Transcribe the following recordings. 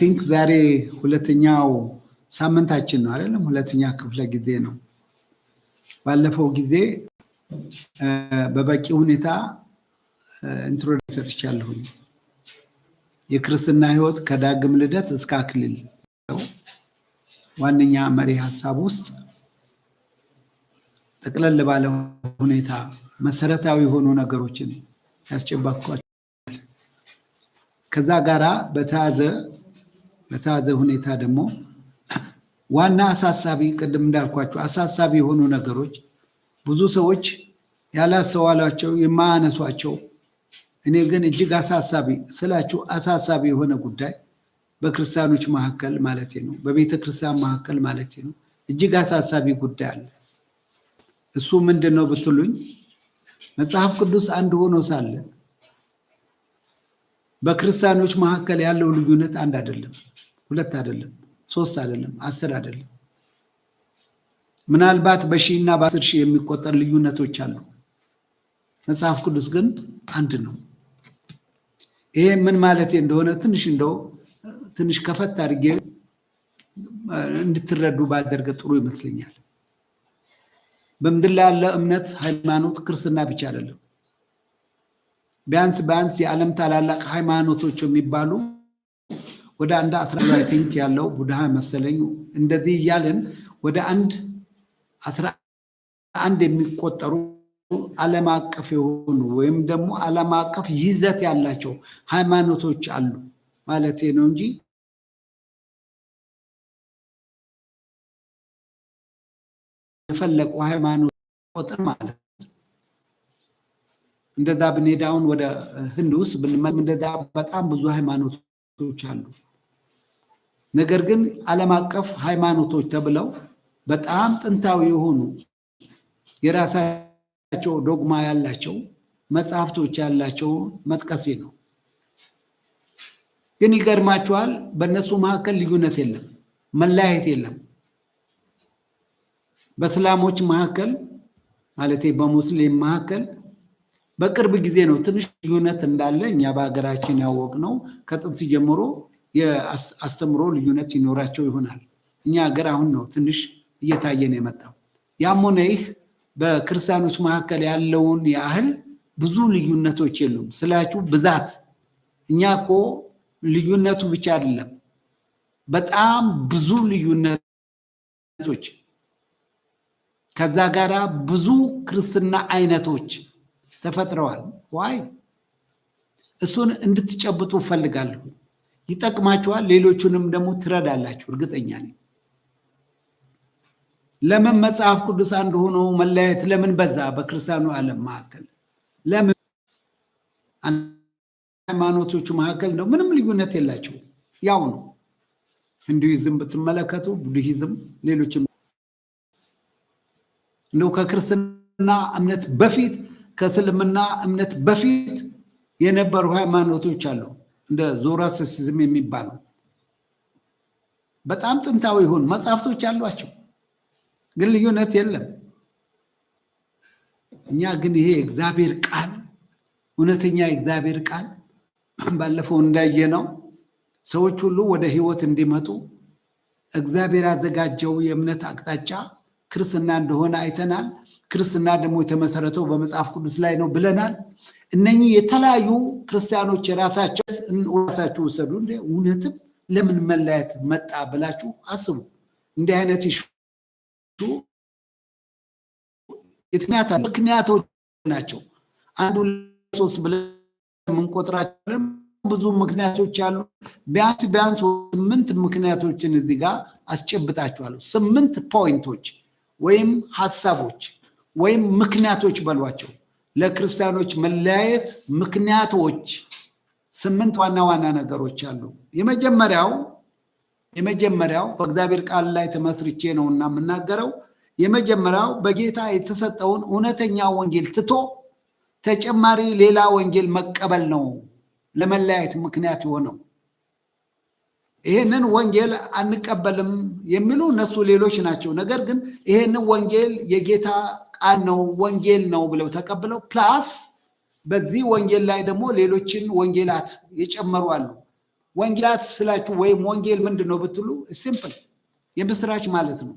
ቲንክ ዛሬ ሁለተኛው ሳምንታችን ነው አይደለም? ሁለተኛ ክፍለ ጊዜ ነው። ባለፈው ጊዜ በበቂ ሁኔታ ኢንትሮዳክሽን ሰጥቻለሁኝ። የክርስትና ሕይወት ከዳግም ልደት እስከ አክሊል ዋነኛ መሪ ሀሳብ ውስጥ ጠቅለል ባለ ሁኔታ መሰረታዊ የሆኑ ነገሮችን ያስጨባኳቸዋል። ከዛ ጋራ በተያዘ በተያዘ ሁኔታ ደግሞ ዋና አሳሳቢ ቅድም እንዳልኳቸው አሳሳቢ የሆኑ ነገሮች ብዙ ሰዎች ያላስተዋሏቸው የማያነሷቸው፣ እኔ ግን እጅግ አሳሳቢ ስላችሁ አሳሳቢ የሆነ ጉዳይ በክርስቲያኖች መካከል ማለት ነው፣ በቤተ ክርስቲያን መካከል ማለት ነው። እጅግ አሳሳቢ ጉዳይ አለ። እሱ ምንድን ነው ብትሉኝ፣ መጽሐፍ ቅዱስ አንድ ሆኖ ሳለ በክርስቲያኖች መካከል ያለው ልዩነት አንድ አይደለም። ሁለት አይደለም፣ ሶስት አይደለም፣ አስር አይደለም። ምናልባት በሺ እና በአስር ሺህ የሚቆጠር ልዩነቶች አሉ። መጽሐፍ ቅዱስ ግን አንድ ነው። ይሄ ምን ማለት እንደሆነ ትንሽ እንደው ትንሽ ከፈት አድርጌ እንድትረዱ ባደርገ ጥሩ ይመስለኛል። በምድር ላይ ያለ እምነት ሃይማኖት ክርስትና ብቻ አይደለም። ቢያንስ ቢያንስ የዓለም ታላላቅ ሃይማኖቶች የሚባሉ ወደ አንድ አስራ ቲንክ ያለው ቡድሃ መሰለኝ እንደዚህ እያልን ወደ አንድ አስራ አንድ የሚቆጠሩ ዓለም አቀፍ የሆኑ ወይም ደግሞ ዓለም አቀፍ ይዘት ያላቸው ሃይማኖቶች አሉ ማለት ነው እንጂ የፈለቁ ሃይማኖት ቁጥር ማለት እንደዛ ብንሄድ አሁን ወደ ህንድ ውስጥ ብንመ እንደዛ በጣም ብዙ ሃይማኖቶች አሉ። ነገር ግን ዓለም አቀፍ ሃይማኖቶች ተብለው በጣም ጥንታዊ የሆኑ የራሳቸው ዶግማ ያላቸው መጽሐፍቶች ያላቸው መጥቀሴ ነው። ግን ይገርማቸዋል፣ በእነሱ መካከል ልዩነት የለም፣ መለያየት የለም። በእስላሞች መካከል ማለት በሙስሊም መካከል በቅርብ ጊዜ ነው ትንሽ ልዩነት እንዳለ እኛ በሀገራችን ነው ከጥንት ጀምሮ የአስተምሮ ልዩነት ይኖራቸው ይሆናል። እኛ ሀገር አሁን ነው ትንሽ እየታየ ነው የመጣው። ያም ሆነ ይህ በክርስቲያኖች መካከል ያለውን ያህል ብዙ ልዩነቶች የሉም ስላችሁ ብዛት እኛ እኮ ልዩነቱ ብቻ አይደለም፣ በጣም ብዙ ልዩነቶች ከዛ ጋር ብዙ ክርስትና አይነቶች ተፈጥረዋል። ዋይ እሱን እንድትጨብጡ እፈልጋለሁ። ይጠቅማችኋል። ሌሎቹንም ደግሞ ትረዳላችሁ፣ እርግጠኛ ነኝ። ለምን መጽሐፍ ቅዱስ አንድ ሆኖ መለያየት ለምን በዛ? በክርስቲያኑ ዓለም መካከል ለምን ሃይማኖቶቹ መካከል ነው? ምንም ልዩነት የላቸው፣ ያው ነው። ሂንዱይዝም ብትመለከቱ፣ ቡድሂዝም፣ ሌሎችም እንደው ከክርስትና እምነት በፊት ከእስልምና እምነት በፊት የነበሩ ሃይማኖቶች አሉ። እንደ ዞራስሲዝም የሚባለው በጣም ጥንታዊ ይሁን መጽሐፍቶች አሏቸው፣ ግን ልዩነት የለም። እኛ ግን ይሄ የእግዚአብሔር ቃል እውነተኛ የእግዚአብሔር ቃል ባለፈው እንዳየነው ሰዎች ሁሉ ወደ ህይወት እንዲመጡ እግዚአብሔር ያዘጋጀው የእምነት አቅጣጫ ክርስትና እንደሆነ አይተናል። ክርስትና ደግሞ የተመሰረተው በመጽሐፍ ቅዱስ ላይ ነው ብለናል። እነኚህ የተለያዩ ክርስቲያኖች የራሳቸው ራሳችሁ ውሰዱ። እውነትም ለምን መለያየት መጣ ብላችሁ አስቡ። እንዲህ አይነት ምክንያቶች ናቸው። አንዱ ሶስት ብለን የምንቆጥራቸው ብዙ ምክንያቶች አሉ። ቢያንስ ቢያንስ ስምንት ምክንያቶችን እዚህ ጋር አስጨብጣችኋለሁ። ስምንት ፖይንቶች ወይም ሀሳቦች ወይም ምክንያቶች በሏቸው ለክርስቲያኖች መለያየት ምክንያቶች ስምንት ዋና ዋና ነገሮች አሉ። የመጀመሪያው የመጀመሪያው በእግዚአብሔር ቃል ላይ ተመስርቼ ነው እና የምናገረው የመጀመሪያው በጌታ የተሰጠውን እውነተኛ ወንጌል ትቶ ተጨማሪ ሌላ ወንጌል መቀበል ነው ለመለያየት ምክንያት የሆነው። ይሄንን ወንጌል አንቀበልም የሚሉ እነሱ ሌሎች ናቸው። ነገር ግን ይሄንን ወንጌል የጌታ ቃል ነው ወንጌል ነው ብለው ተቀብለው ፕላስ በዚህ ወንጌል ላይ ደግሞ ሌሎችን ወንጌላት የጨመሩ አሉ። ወንጌላት ስላችሁ ወይም ወንጌል ምንድን ነው ብትሉ ሲምፕል የምስራች ማለት ነው።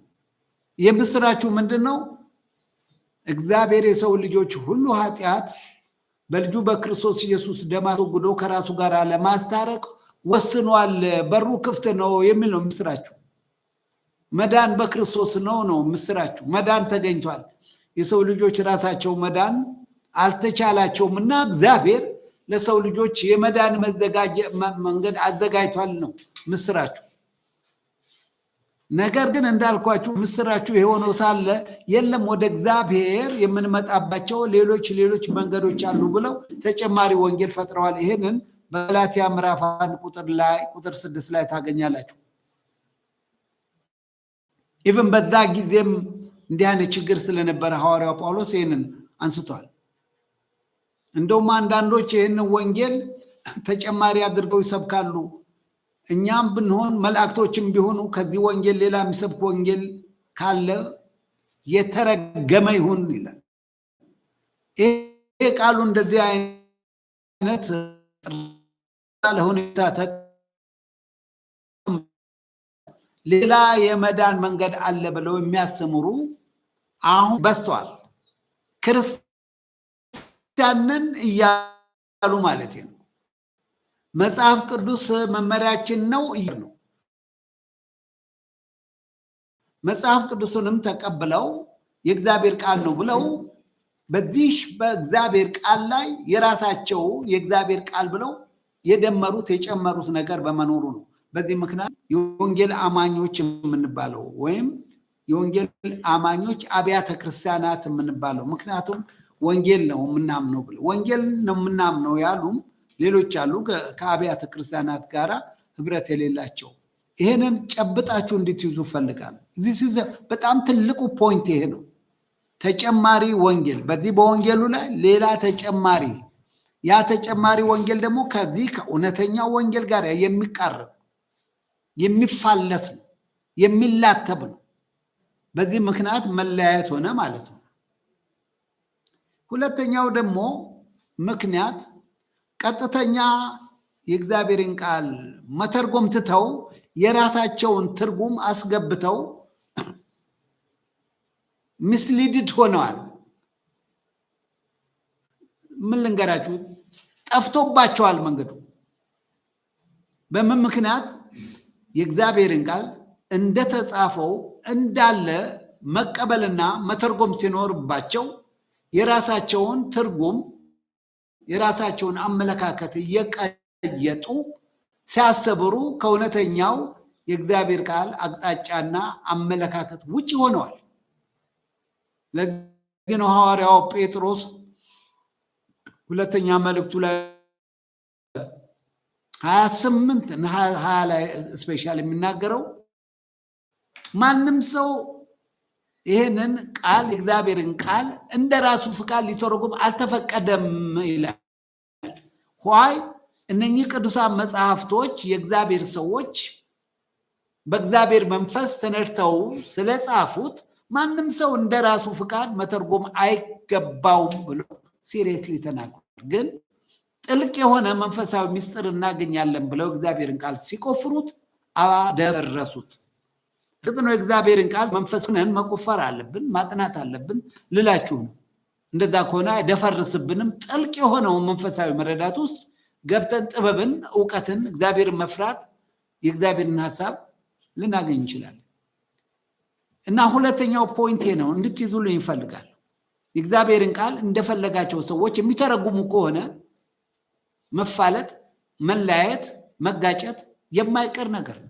የምስራችሁ ምንድን ነው? እግዚአብሔር የሰው ልጆች ሁሉ ኃጢአት በልጁ በክርስቶስ ኢየሱስ ደም አስወግዶ ከራሱ ጋር ለማስታረቅ ወስኗል፣ በሩ ክፍት ነው የሚል ነው ምስራችሁ። መዳን በክርስቶስ ነው ነው ምስራችሁ። መዳን ተገኝቷል። የሰው ልጆች ራሳቸው መዳን አልተቻላቸውም እና እግዚአብሔር ለሰው ልጆች የመዳን መንገድ አዘጋጅቷል ነው ምስራችሁ። ነገር ግን እንዳልኳችሁ ምስራችሁ የሆነው ሳለ የለም ወደ እግዚአብሔር የምንመጣባቸው ሌሎች ሌሎች መንገዶች አሉ ብለው ተጨማሪ ወንጌል ፈጥረዋል። ይህንን በላቲያ ምዕራፍ አንድ ቁጥር ላይ ቁጥር ስድስት ላይ ታገኛላችሁ። ኢቭን በዛ ጊዜም እንዲህ አይነት ችግር ስለነበረ ሐዋርያው ጳውሎስ ይህንን አንስቷል። እንደውም አንዳንዶች ይህንን ወንጌል ተጨማሪ አድርገው ይሰብካሉ። እኛም ብንሆን መላእክቶችም ቢሆኑ ከዚህ ወንጌል ሌላ የሚሰብክ ወንጌል ካለ የተረገመ ይሁን ይላል። ይሄ ቃሉ እንደዚህ አይነት ለሁኔታ ሌላ የመዳን መንገድ አለ ብለው የሚያስተምሩ አሁን በዝተዋል። ክርስቲያንን እያሉ ማለት ነው። መጽሐፍ ቅዱስ መመሪያችን ነው ነው መጽሐፍ ቅዱስንም ተቀብለው የእግዚአብሔር ቃል ነው ብለው በዚህ በእግዚአብሔር ቃል ላይ የራሳቸው የእግዚአብሔር ቃል ብለው የደመሩት የጨመሩት ነገር በመኖሩ ነው። በዚህ ምክንያት የወንጌል አማኞች የምንባለው ወይም የወንጌል አማኞች አብያተ ክርስቲያናት የምንባለው ምክንያቱም ወንጌል ነው የምናምነው ብለው ወንጌል ነው የምናምነው ያሉም ሌሎች አሉ፣ ከአብያተ ክርስቲያናት ጋር ህብረት የሌላቸው። ይሄንን ጨብጣችሁ እንድትይዙ ፈልጋሉ። እዚህ በጣም ትልቁ ፖይንት ይሄ ነው። ተጨማሪ ወንጌል በዚህ በወንጌሉ ላይ ሌላ ተጨማሪ ያ ተጨማሪ ወንጌል ደግሞ ከዚህ ከእውነተኛው ወንጌል ጋር የሚቃረብ የሚፋለስ ነው፣ የሚላተብ ነው። በዚህ ምክንያት መለያየት ሆነ ማለት ነው። ሁለተኛው ደግሞ ምክንያት ቀጥተኛ የእግዚአብሔርን ቃል መተርጎም ትተው የራሳቸውን ትርጉም አስገብተው ሚስሊድድ ሆነዋል። ምን ልንገራችሁ? ጠፍቶባቸዋል መንገዱ። በምን ምክንያት? የእግዚአብሔርን ቃል እንደተጻፈው እንዳለ መቀበልና መተርጎም ሲኖርባቸው የራሳቸውን ትርጉም የራሳቸውን አመለካከት እየቀየጡ ሲያሰብሩ ከእውነተኛው የእግዚአብሔር ቃል አቅጣጫና አመለካከት ውጭ ሆነዋል። ለዚህ ነው ሐዋርያው ጴጥሮስ ሁለተኛ መልእክቱ ላይ ሀያ ስምንት ሀያ ላይ ስፔሻል የሚናገረው ማንም ሰው ይህንን ቃል የእግዚአብሔርን ቃል እንደ ራሱ ፍቃድ ሊተረጉም አልተፈቀደም ይላል። ኋይ እነኚህ ቅዱሳን መጽሐፍቶች የእግዚአብሔር ሰዎች በእግዚአብሔር መንፈስ ተነድተው ስለጻፉት ማንም ሰው እንደ ራሱ ፍቃድ መተርጎም አይገባውም ብሎ ሲሪየስሊ ተናግሯል። ግን ጥልቅ የሆነ መንፈሳዊ ምስጢር እናገኛለን ብለው እግዚአብሔርን ቃል ሲቆፍሩት አደረሱት። ግጥ ነው። እግዚአብሔርን ቃል መንፈስነን መቆፈር አለብን፣ ማጥናት አለብን ልላችሁ ነው። እንደዛ ከሆነ አይደፈርስብንም። ጥልቅ የሆነውን መንፈሳዊ መረዳት ውስጥ ገብተን ጥበብን፣ እውቀትን፣ እግዚአብሔርን መፍራት፣ የእግዚአብሔርን ሀሳብ ልናገኝ እንችላለን። እና ሁለተኛው ፖይንቴ ነው እንድትይዙልኝ ይፈልጋል የእግዚአብሔርን ቃል እንደፈለጋቸው ሰዎች የሚተረጉሙ ከሆነ መፋለጥ፣ መለያየት፣ መጋጨት የማይቀር ነገር ነው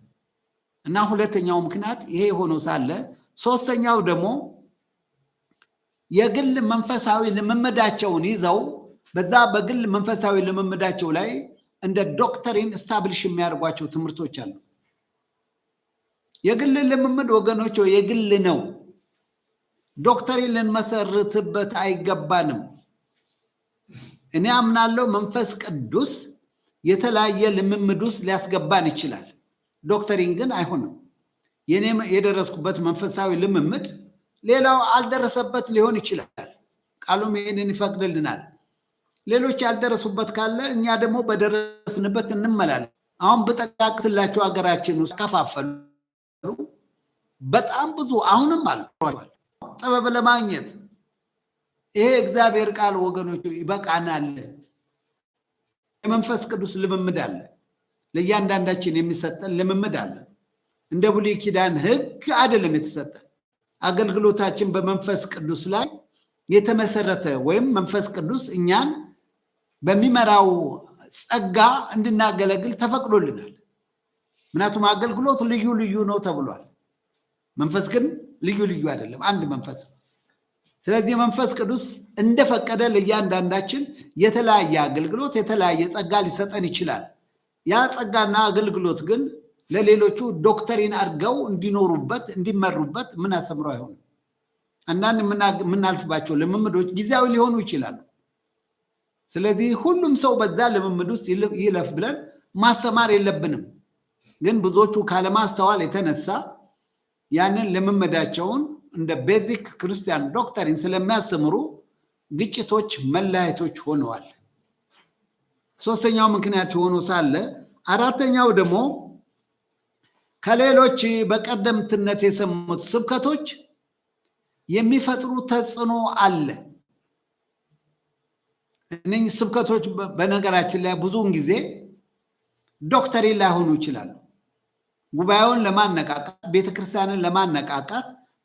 እና ሁለተኛው ምክንያት ይሄ የሆነው ሳለ ሶስተኛው ደግሞ የግል መንፈሳዊ ልምምዳቸውን ይዘው በዛ በግል መንፈሳዊ ልምምዳቸው ላይ እንደ ዶክተሪን ስታብሊሽ የሚያደርጓቸው ትምህርቶች አሉ። የግል ልምምድ ወገኖች የግል ነው። ዶክተሪን ልንመሰርትበት አይገባንም። እኔ አምናለሁ መንፈስ ቅዱስ የተለያየ ልምምድ ውስጥ ሊያስገባን ይችላል። ዶክተሪን ግን አይሆንም። የኔ የደረስኩበት መንፈሳዊ ልምምድ ሌላው አልደረሰበት ሊሆን ይችላል። ቃሉም ይህንን ይፈቅድልናል። ሌሎች ያልደረሱበት ካለ እኛ ደግሞ በደረስንበት እንመላለን። አሁን በጠቃቅስላቸው ሀገራችን ውስጥ ከፋፈሉ በጣም ብዙ አሁንም አሉ ጥበብ ለማግኘት ይሄ እግዚአብሔር ቃል ወገኖቹ ይበቃናል። የመንፈስ ቅዱስ ልምምድ አለ። ለእያንዳንዳችን የሚሰጠን ልምምድ አለ። እንደ ብሉይ ኪዳን ሕግ አይደለም የተሰጠን። አገልግሎታችን በመንፈስ ቅዱስ ላይ የተመሰረተ ወይም መንፈስ ቅዱስ እኛን በሚመራው ጸጋ እንድናገለግል ተፈቅዶልናል። ምክንያቱም አገልግሎት ልዩ ልዩ ነው ተብሏል። መንፈስ ግን ልዩ ልዩ አይደለም፣ አንድ መንፈስ ነው። ስለዚህ መንፈስ ቅዱስ እንደፈቀደ ለእያንዳንዳችን የተለያየ አገልግሎት የተለያየ ጸጋ ሊሰጠን ይችላል። ያ ጸጋና አገልግሎት ግን ለሌሎቹ ዶክተሪን አድርገው እንዲኖሩበት እንዲመሩበት ምን አስተምሮ አይሆንም። አንዳንድ የምናልፍባቸው ልምምዶች ጊዜያዊ ሊሆኑ ይችላሉ። ስለዚህ ሁሉም ሰው በዛ ልምምድ ውስጥ ይለፍ ብለን ማስተማር የለብንም። ግን ብዙዎቹ ካለማስተዋል የተነሳ ያንን ልምምዳቸውን እንደ ቤዚክ ክርስቲያን ዶክተሪን ስለሚያስተምሩ ግጭቶች፣ መለያየቶች ሆነዋል። ሶስተኛው ምክንያት የሆኑ ሳለ አራተኛው ደግሞ ከሌሎች በቀደምትነት የሰሙት ስብከቶች የሚፈጥሩ ተጽዕኖ አለ። እነኝህ ስብከቶች በነገራችን ላይ ብዙውን ጊዜ ዶክተሪን ላይሆኑ ይችላሉ። ጉባኤውን ለማነቃቃት ቤተክርስቲያንን ለማነቃቃት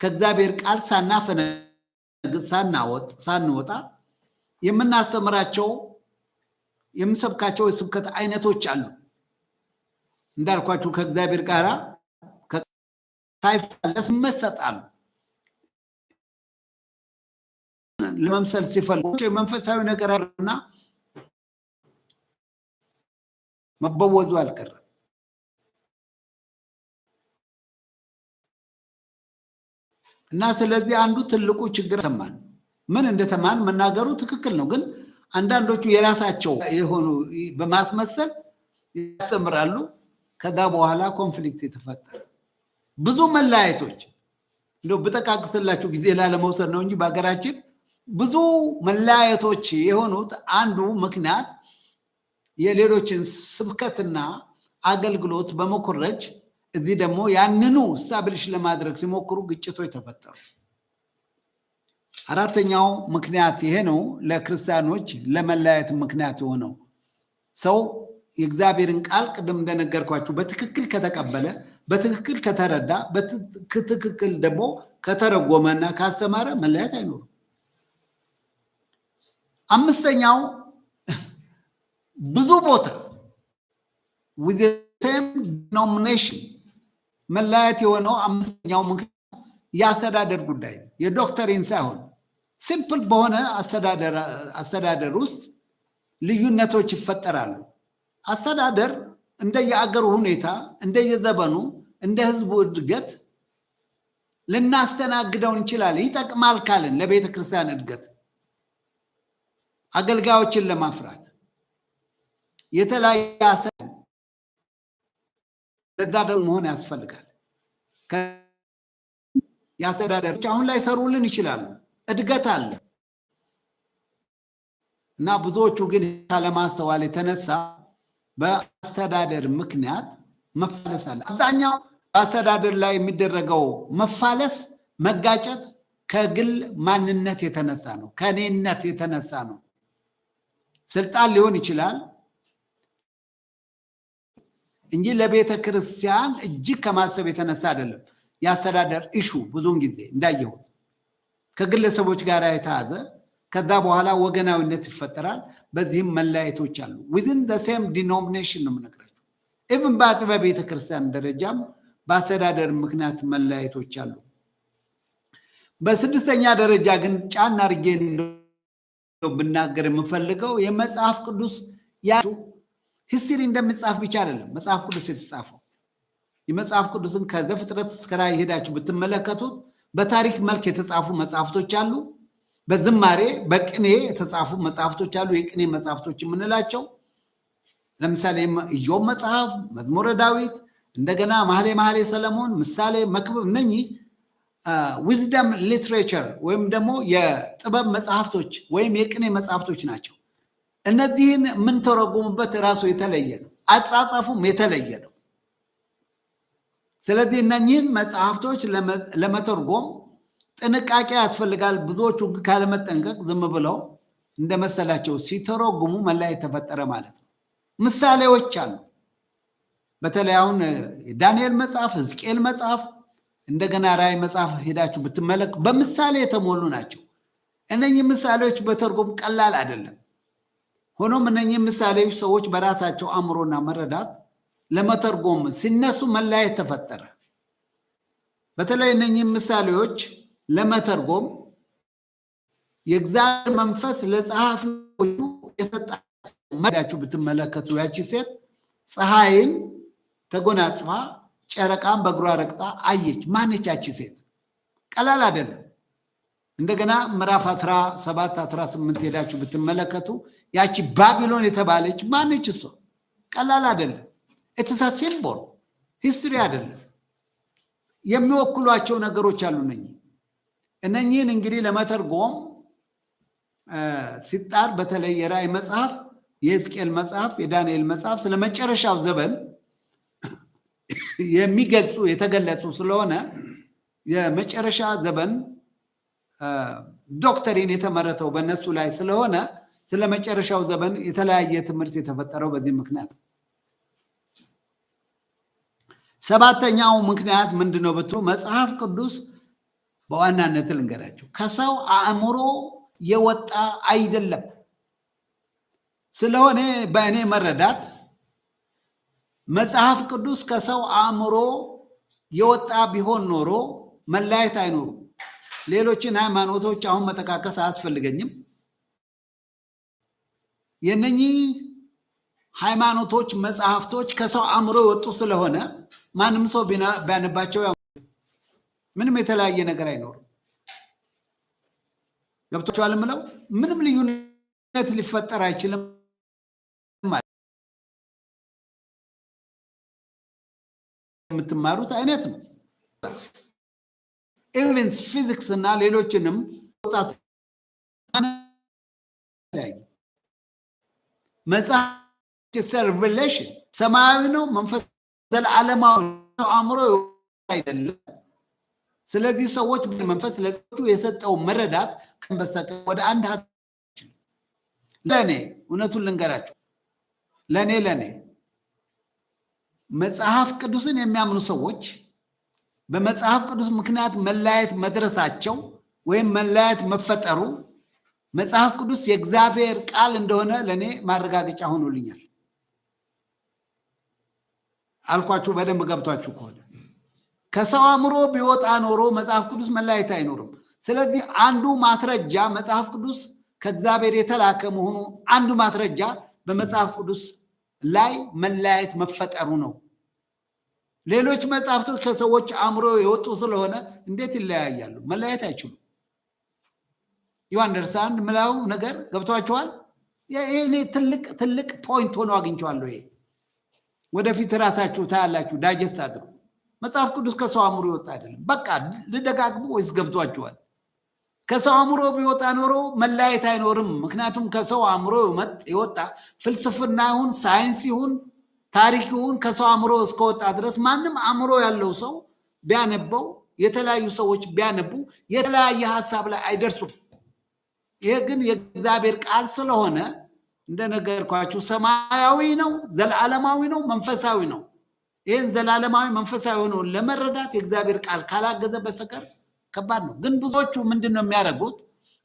ከእግዚአብሔር ቃል ሳናፈነግጥ ሳንወጣ የምናስተምራቸው የምንሰብካቸው የስብከት አይነቶች አሉ። እንዳልኳችሁ ከእግዚአብሔር ጋር ሳይፋለስ ይመሰጣሉ። ለመምሰል ሲፈልጉ የመንፈሳዊ ነገር አለና መበወዙ አልቀረ እና ስለዚህ አንዱ ትልቁ ችግር ሰማን ምን እንደተማን መናገሩ ትክክል ነው፣ ግን አንዳንዶቹ የራሳቸው የሆኑ በማስመሰል ያስተምራሉ። ከዛ በኋላ ኮንፍሊክት የተፈጠረ ብዙ መለያየቶች እንደ ብጠቃቅስላችሁ ጊዜ ላለመውሰድ ነው እንጂ በሀገራችን ብዙ መለያየቶች የሆኑት አንዱ ምክንያት የሌሎችን ስብከትና አገልግሎት በመኮረጅ እዚህ ደግሞ ያንኑ ስታብሊሽ ለማድረግ ሲሞክሩ ግጭቶች ተፈጠሩ። አራተኛው ምክንያት ይሄ ነው፣ ለክርስቲያኖች ለመለያየት ምክንያት የሆነው ሰው የእግዚአብሔርን ቃል ቅድም እንደነገርኳችሁ በትክክል ከተቀበለ በትክክል ከተረዳ በትክክል ደግሞ ከተረጎመ እና ካስተማረ መለያየት አይኖርም። አምስተኛው ብዙ ቦታ ዊዝ ሴም ዲኖሚኔሽን መለያየት የሆነው አምስተኛው ምክንያት የአስተዳደር ጉዳይ ነው። የዶክተሪን ሳይሆን ሲምፕል በሆነ አስተዳደር ውስጥ ልዩነቶች ይፈጠራሉ። አስተዳደር እንደየአገሩ ሁኔታ፣ እንደየዘመኑ፣ እንደ ህዝቡ እድገት ልናስተናግደው እንችላለን። ይጠቅማል ካልን ለቤተ ክርስቲያን እድገት፣ አገልጋዮችን ለማፍራት የተለያየ ለዛ ደግሞ መሆን ያስፈልጋል። የአስተዳደሮች አሁን ላይ ሰሩልን ይችላሉ። እድገት አለ እና ብዙዎቹ ግን ካለማስተዋል የተነሳ በአስተዳደር ምክንያት መፋለስ አለ። አብዛኛው በአስተዳደር ላይ የሚደረገው መፋለስ፣ መጋጨት ከግል ማንነት የተነሳ ነው፣ ከእኔነት የተነሳ ነው። ስልጣን ሊሆን ይችላል እንጂ ለቤተ ክርስቲያን እጅግ ከማሰብ የተነሳ አይደለም። የአስተዳደር እሹ ብዙውን ጊዜ እንዳየሁት ከግለሰቦች ጋር የተያዘ ከዛ በኋላ ወገናዊነት ይፈጠራል። በዚህም መለያየቶች አሉ። ዊዝን ሴም ዲኖሚኔሽን ነው የምነግራቸው። ኢቭን በአጥቢያ ቤተ ክርስቲያን ደረጃም በአስተዳደር ምክንያት መለያየቶች አሉ። በስድስተኛ ደረጃ ግን ጫና አድርጌ ብናገር የምፈልገው የመጽሐፍ ቅዱስ ያ ሂስትሪ እንደሚጻፍ ብቻ አይደለም መጽሐፍ ቅዱስ የተጻፈው። የመጽሐፍ ቅዱስን ከዘፍጥረት እስከ ራዕይ ሄዳችሁ ብትመለከቱት በታሪክ መልክ የተጻፉ መጽሐፍቶች አሉ። በዝማሬ በቅኔ የተጻፉ መጽሐፍቶች አሉ። የቅኔ መጽሐፍቶች የምንላቸው ለምሳሌ ኢዮብ መጽሐፍ፣ መዝሙረ ዳዊት፣ እንደገና ማህሌ ማህሌ ሰለሞን፣ ምሳሌ፣ መክብብ እነኚህ ዊዝደም ሊትሬቸር ወይም ደግሞ የጥበብ መጽሐፍቶች ወይም የቅኔ መጽሐፍቶች ናቸው። እነዚህን የምንተረጉምበት ራሱ የተለየ ነው። አጻጻፉም የተለየ ነው። ስለዚህ እነኚህን መጽሐፍቶች ለመተርጎም ጥንቃቄ ያስፈልጋል። ብዙዎቹ ካለመጠንቀቅ ዝም ብለው እንደመሰላቸው ሲተረጉሙ መላ የተፈጠረ ማለት ነው። ምሳሌዎች አሉ። በተለይ አሁን ዳንኤል መጽሐፍ፣ ሕዝቅኤል መጽሐፍ፣ እንደገና ራእይ መጽሐፍ ሄዳችሁ ብትመለክ በምሳሌ የተሞሉ ናቸው። እነኚህ ምሳሌዎች በተርጎም ቀላል አይደለም። ሆኖም እነኚህ ምሳሌዎች ሰዎች በራሳቸው አእምሮና መረዳት ለመተርጎም ሲነሱ መለያየት ተፈጠረ። በተለይ እነኚህ ምሳሌዎች ለመተርጎም የእግዚአብሔር መንፈስ ለጸሐፊዎቹ የሰጣቸው ብትመለከቱ ያቺ ሴት ፀሐይን ተጎናጽፋ ጨረቃን በእግሯ ረግጣ አየች። ማነች ያቺ ሴት? ቀላል አይደለም። እንደገና ምዕራፍ 17 18 ሄዳችሁ ብትመለከቱ ያቺ ባቢሎን የተባለች ማነች? እሷ ቀላል አይደለም። ኢትስ ሲምቦል ሂስትሪ አይደለም። የሚወክሏቸው ነገሮች አሉ። እነኚህ እነኚህን እንግዲህ ለመተርጎም ሲጣር በተለይ የራእይ መጽሐፍ፣ የሕዝቅኤል መጽሐፍ፣ የዳንኤል መጽሐፍ ስለ መጨረሻው ዘበን የሚገልጹ የተገለጹ ስለሆነ የመጨረሻ ዘበን ዶክተሪን የተመረተው በእነሱ ላይ ስለሆነ ስለ መጨረሻው ዘመን የተለያየ ትምህርት የተፈጠረው በዚህ ምክንያት ነው። ሰባተኛው ምክንያት ምንድን ነው ብትሉ መጽሐፍ ቅዱስ በዋናነት ልንገራቸው ከሰው አእምሮ የወጣ አይደለም። ስለሆነ በእኔ መረዳት መጽሐፍ ቅዱስ ከሰው አእምሮ የወጣ ቢሆን ኖሮ መለያየት አይኖሩም። ሌሎችን ሃይማኖቶች አሁን መጠቃቀስ አያስፈልገኝም። የነኚህ ሃይማኖቶች መጽሐፍቶች ከሰው አእምሮ የወጡ ስለሆነ ማንም ሰው ቢያነባቸው ምንም የተለያየ ነገር አይኖርም። ገብቶችኋል ምለው ምንም ልዩነት ሊፈጠር አይችልም። የምትማሩት አይነት ነው። ኢቨንስ ፊዚክስ እና ሌሎችንም ወጣት መጽሐፍ ሪቨሌሽን ሰማያዊ ነው፣ መንፈስ ዘለዓለማዊ አእምሮ አይደለም። ስለዚህ ሰዎች መንፈስ ለጽቱ የሰጠው መረዳት ከንበሰቀ ወደ አንድ ሀሳብ ለእኔ እውነቱን ልንገራቸው፣ ለእኔ ለእኔ መጽሐፍ ቅዱስን የሚያምኑ ሰዎች በመጽሐፍ ቅዱስ ምክንያት መለያየት መድረሳቸው ወይም መለያየት መፈጠሩ መጽሐፍ ቅዱስ የእግዚአብሔር ቃል እንደሆነ ለእኔ ማረጋገጫ ሆኖልኛል። አልኳችሁ በደንብ ገብቷችሁ ከሆነ ከሰው አእምሮ ቢወጣ ኖሮ መጽሐፍ ቅዱስ መለያየት አይኖርም። ስለዚህ አንዱ ማስረጃ መጽሐፍ ቅዱስ ከእግዚአብሔር የተላከ መሆኑ አንዱ ማስረጃ በመጽሐፍ ቅዱስ ላይ መለያየት መፈጠሩ ነው። ሌሎች መጽሐፍቶች ከሰዎች አእምሮ የወጡ ስለሆነ እንዴት ይለያያሉ? መለያየት አይችሉም። ዩ አንደርስታንድ ምላው ነገር ገብቷችኋል። ይሄ ትልቅ ትልቅ ፖይንት ሆኖ አግኝቼዋለሁ። ይሄ ወደፊት ራሳችሁ ታያላችሁ። ዳይጀስት አድርጉ። መጽሐፍ ቅዱስ ከሰው አእምሮ ይወጣ አይደለም። በቃ ልደጋግሙ ወይስ ገብቷችኋል? ከሰው አእምሮ ቢወጣ ኖሮ መለያየት አይኖርም። ምክንያቱም ከሰው አእምሮ የወጣ ፍልስፍና ይሁን ሳይንስ ይሁን ታሪክ ይሁን ከሰው አእምሮ እስከወጣ ድረስ ማንም አእምሮ ያለው ሰው ቢያነበው የተለያዩ ሰዎች ቢያነቡ የተለያየ ሀሳብ ላይ አይደርሱም። ይሄ ግን የእግዚአብሔር ቃል ስለሆነ እንደነገርኳችሁ ሰማያዊ ነው፣ ዘላለማዊ ነው፣ መንፈሳዊ ነው። ይህን ዘላለማዊ መንፈሳዊ የሆነውን ለመረዳት የእግዚአብሔር ቃል ካላገዘ በስተቀር ከባድ ነው። ግን ብዙዎቹ ምንድን ነው የሚያደርጉት?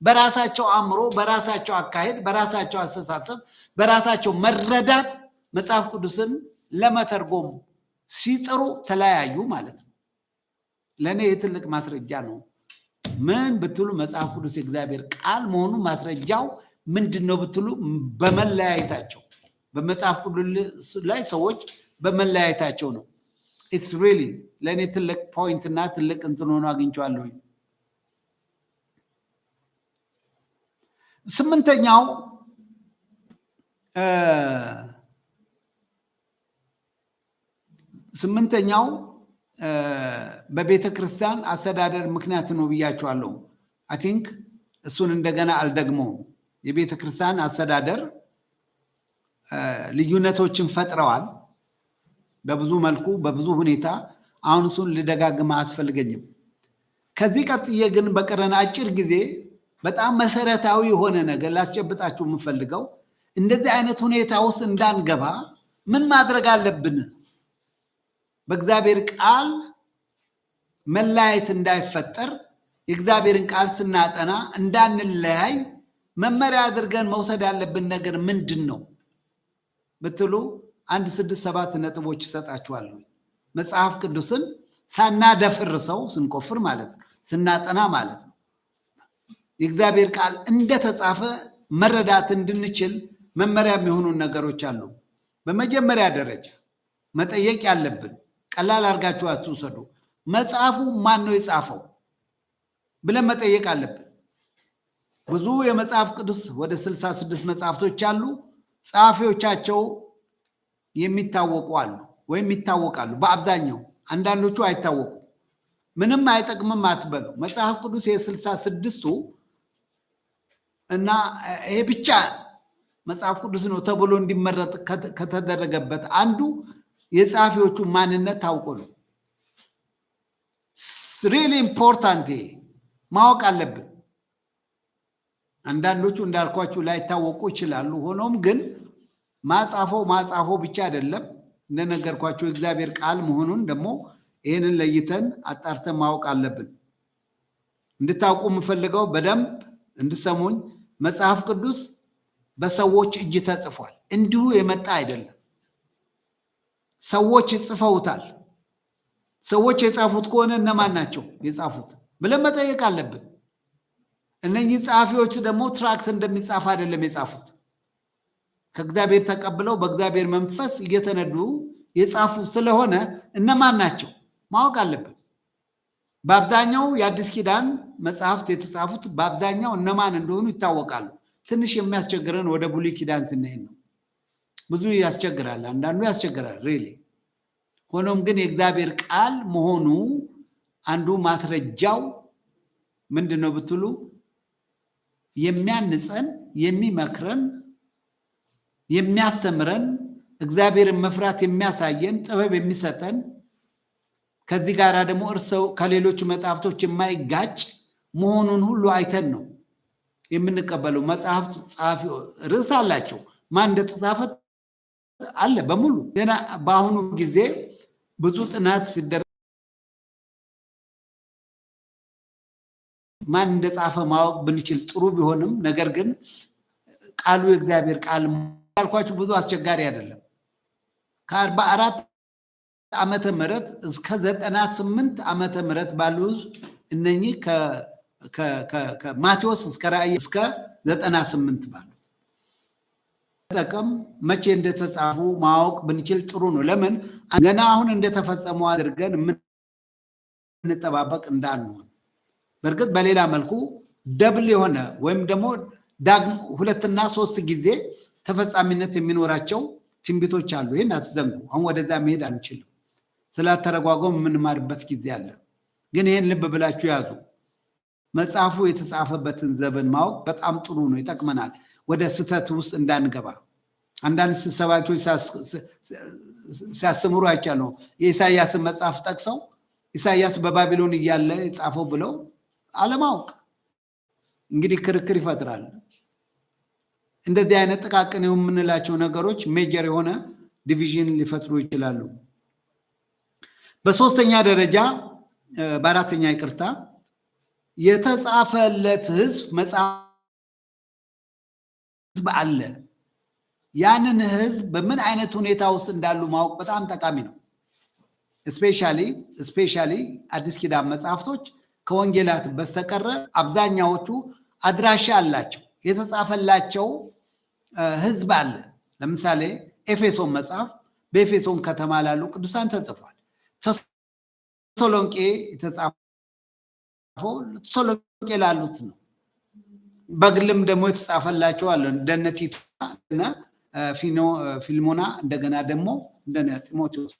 በራሳቸው አእምሮ፣ በራሳቸው አካሄድ፣ በራሳቸው አስተሳሰብ፣ በራሳቸው መረዳት መጽሐፍ ቅዱስን ለመተርጎም ሲጥሩ ተለያዩ ማለት ነው። ለእኔ የትልቅ ማስረጃ ነው። ምን ብትሉ መጽሐፍ ቅዱስ የእግዚአብሔር ቃል መሆኑ ማስረጃው ምንድን ነው ብትሉ በመለያየታቸው በመጽሐፍ ቅዱስ ላይ ሰዎች በመለያየታቸው ነው። ኢትስ ሪሊ ለእኔ ትልቅ ፖይንት እና ትልቅ እንትን ሆኖ አግኝቼዋለሁ። ስምንተኛው ስምንተኛው በቤተ ክርስቲያን አስተዳደር ምክንያት ነው ብያቸዋለሁ። አይ ቲንክ እሱን እንደገና አልደግሞ የቤተ ክርስቲያን አስተዳደር ልዩነቶችን ፈጥረዋል በብዙ መልኩ በብዙ ሁኔታ። አሁን እሱን ልደጋግመ አያስፈልገኝም። ከዚህ ቀጥዬ ግን በቀረን አጭር ጊዜ በጣም መሰረታዊ የሆነ ነገር ላስጨብጣችሁ የምፈልገው እንደዚህ አይነት ሁኔታ ውስጥ እንዳንገባ ምን ማድረግ አለብን? በእግዚአብሔር ቃል መለያየት እንዳይፈጠር የእግዚአብሔርን ቃል ስናጠና እንዳንለያይ መመሪያ አድርገን መውሰድ ያለብን ነገር ምንድን ነው ብትሉ አንድ ስድስት ሰባት ነጥቦች ይሰጣችኋለሁ። መጽሐፍ ቅዱስን ሳናደፍር ሰው ስንቆፍር ማለት ነው፣ ስናጠና ማለት ነው። የእግዚአብሔር ቃል እንደተጻፈ መረዳት እንድንችል መመሪያ የሚሆኑን ነገሮች አሉ። በመጀመሪያ ደረጃ መጠየቅ ያለብን ቀላል አድርጋችሁ አትውሰዱ። መጽሐፉ ማን ነው የጻፈው ብለን መጠየቅ አለብን። ብዙ የመጽሐፍ ቅዱስ ወደ ስልሳ ስድስት መጽሐፍቶች አሉ። ጸሐፊዎቻቸው የሚታወቁ አሉ ወይም ይታወቃሉ። በአብዛኛው አንዳንዶቹ አይታወቁም። ምንም አይጠቅምም አትበሉ። መጽሐፍ ቅዱስ የስልሳ ስድስቱ እና ይሄ ብቻ መጽሐፍ ቅዱስ ነው ተብሎ እንዲመረጥ ከተደረገበት አንዱ የጸሐፊዎቹ ማንነት ታውቆ ነው። ሪሊ ኢምፖርታንት ማወቅ አለብን። አንዳንዶቹ እንዳልኳችሁ ላይታወቁ ይችላሉ። ሆኖም ግን ማጻፎ ማጻፎ ብቻ አይደለም እንደነገርኳቸው የእግዚአብሔር ቃል መሆኑን ደግሞ ይህንን ለይተን አጣርተን ማወቅ አለብን። እንድታውቁ የምፈልገው በደንብ እንድሰሙኝ፣ መጽሐፍ ቅዱስ በሰዎች እጅ ተጽፏል፣ እንዲሁ የመጣ አይደለም። ሰዎች ጽፈውታል። ሰዎች የጻፉት ከሆነ እነማን ናቸው የጻፉት ብለን መጠየቅ አለብን። እነኚህ ጸሐፊዎች ደግሞ ትራክት እንደሚጻፍ አይደለም የጻፉት ከእግዚአብሔር ተቀብለው በእግዚአብሔር መንፈስ እየተነዱ የጻፉ ስለሆነ እነማን ናቸው ማወቅ አለብን። በአብዛኛው የአዲስ ኪዳን መጽሐፍት የተጻፉት በአብዛኛው እነማን እንደሆኑ ይታወቃሉ። ትንሽ የሚያስቸግረን ወደ ብሉይ ኪዳን ስንሄድ ነው። ብዙ ያስቸግራል፣ አንዳንዱ ያስቸግራል። ሪሊ ሆኖም ግን የእግዚአብሔር ቃል መሆኑ አንዱ ማስረጃው ምንድን ነው ብትሉ የሚያንጸን፣ የሚመክረን፣ የሚያስተምረን፣ እግዚአብሔርን መፍራት የሚያሳየን፣ ጥበብ የሚሰጠን ከዚህ ጋር ደግሞ እርሰው ከሌሎች መጽሐፍቶች የማይጋጭ መሆኑን ሁሉ አይተን ነው የምንቀበለው። መጽሐፍት ጸሐፊ ርዕስ አላቸው። ማን እንደተጻፈ አለ በሙሉ ገና በአሁኑ ጊዜ ብዙ ጥናት ሲደረግ ማን እንደጻፈ ማወቅ ብንችል ጥሩ ቢሆንም ነገር ግን ቃሉ የእግዚአብሔር ቃል ያልኳችሁ ብዙ አስቸጋሪ አይደለም። ከአርባ አራት ዓመተ ምህረት እስከ ዘጠና ስምንት ዓመተ ምህረት ባሉ እነኚህ ከማቴዎስ እስከ ራእይ እስከ ዘጠና ስምንት ባሉ መጠቀም መቼ እንደተጻፉ ማወቅ ብንችል ጥሩ ነው። ለምን ገና አሁን እንደተፈጸሙ አድርገን የምንጠባበቅ እንዳንሆን። በእርግጥ በሌላ መልኩ ደብል የሆነ ወይም ደግሞ ዳግም ሁለትና ሶስት ጊዜ ተፈጻሚነት የሚኖራቸው ትንቢቶች አሉ። ይህን አትዘንጉ። አሁን ወደዛ መሄድ አንችልም። ስላተረጓጎም የምንማርበት ጊዜ አለ። ግን ይህን ልብ ብላችሁ ያዙ። መጽሐፉ የተጻፈበትን ዘበን ማወቅ በጣም ጥሩ ነው፣ ይጠቅመናል። ወደ ስህተት ውስጥ እንዳንገባ አንዳንድ ሰባኪዎች ሲያስተምሩ ነው የኢሳያስን መጽሐፍ ጠቅሰው ኢሳያስ በባቢሎን እያለ ጻፈው ብለው አለማወቅ እንግዲህ ክርክር ይፈጥራል። እንደዚህ አይነት ጥቃቅን የምንላቸው ነገሮች ሜጀር የሆነ ዲቪዥን ሊፈጥሩ ይችላሉ። በሶስተኛ ደረጃ በአራተኛ ይቅርታ የተጻፈለት ህዝብ መጽሐፍ ህዝብ አለ። ያንን ህዝብ በምን አይነት ሁኔታ ውስጥ እንዳሉ ማወቅ በጣም ጠቃሚ ነው። ስፔሻሊ ስፔሻሊ አዲስ ኪዳን መጽሐፍቶች ከወንጌላት በስተቀረ አብዛኛዎቹ አድራሻ አላቸው፣ የተጻፈላቸው ህዝብ አለ። ለምሳሌ ኤፌሶን መጽሐፍ በኤፌሶን ከተማ ላሉ ቅዱሳን ተጽፏል። ተሰሎንቄ የተጻፈው ተሰሎንቄ ላሉት ነው። በግልም ደግሞ የተጻፈላቸው አለ እንደነ ቲቶ ፊልሞና እንደገና ደግሞ እንደነ ጢሞቴዎስ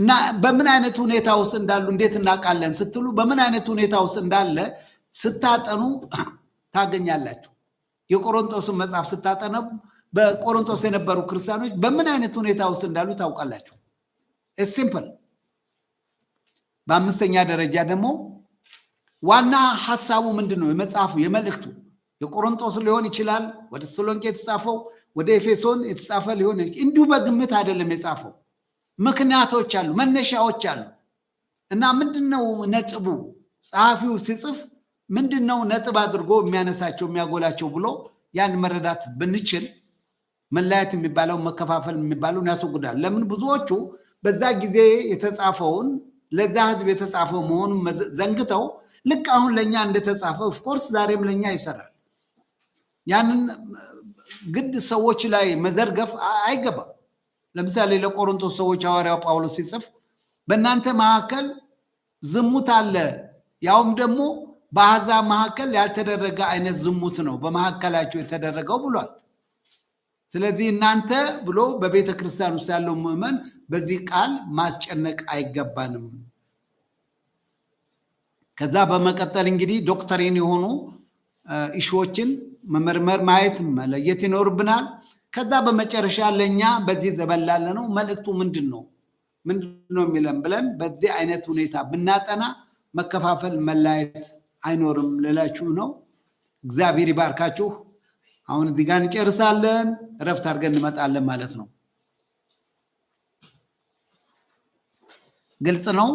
እና በምን አይነት ሁኔታ ውስጥ እንዳሉ እንዴት እናውቃለን ስትሉ፣ በምን አይነት ሁኔታ ውስጥ እንዳለ ስታጠኑ ታገኛላችሁ። የቆሮንቶስን መጽሐፍ ስታጠኑ በቆሮንቶስ የነበሩ ክርስቲያኖች በምን አይነት ሁኔታ ውስጥ እንዳሉ ታውቃላችሁ። ሲምፕል። በአምስተኛ ደረጃ ደግሞ ዋና ሀሳቡ ምንድን ነው? የመጽሐፉ የመልእክቱ የቆሮንጦስ ሊሆን ይችላል፣ ወደ ተሰሎንቄ የተጻፈው ወደ ኤፌሶን የተጻፈ ሊሆን እንዲሁ በግምት አይደለም የጻፈው። ምክንያቶች አሉ፣ መነሻዎች አሉ። እና ምንድን ነው ነጥቡ? ጸሐፊው ሲጽፍ ምንድን ነው ነጥብ አድርጎ የሚያነሳቸው የሚያጎላቸው ብሎ ያን መረዳት ብንችል መለያየት የሚባለው መከፋፈል የሚባለውን ያስወግዳል። ለምን ብዙዎቹ በዛ ጊዜ የተጻፈውን ለዛ ህዝብ የተጻፈው መሆኑን ዘንግተው ልክ አሁን ለእኛ እንደተጻፈ ኦፍኮርስ ዛሬም ለእኛ ይሰራል። ያንን ግድ ሰዎች ላይ መዘርገፍ አይገባም። ለምሳሌ ለቆሮንቶስ ሰዎች ሐዋርያው ጳውሎስ ሲጽፍ በእናንተ መካከል ዝሙት አለ፣ ያውም ደግሞ በአሕዛብ መካከል ያልተደረገ አይነት ዝሙት ነው በመካከላቸው የተደረገው ብሏል። ስለዚህ እናንተ ብሎ በቤተ ክርስቲያን ውስጥ ያለው ምዕመን በዚህ ቃል ማስጨነቅ አይገባንም። ከዛ በመቀጠል እንግዲህ ዶክተሪን የሆኑ እሾችን መመርመር፣ ማየት፣ መለየት ይኖርብናል። ከዛ በመጨረሻ ለእኛ በዚህ ዘበላለ ነው መልእክቱ ምንድን ነው ምንድን ነው የሚለን ብለን በዚህ አይነት ሁኔታ ብናጠና መከፋፈል፣ መለያየት አይኖርም ልላችሁ ነው። እግዚአብሔር ይባርካችሁ። አሁን እዚህ ጋር እንጨርሳለን። እረፍት አድርገን እንመጣለን ማለት ነው። ግልጽ ነው።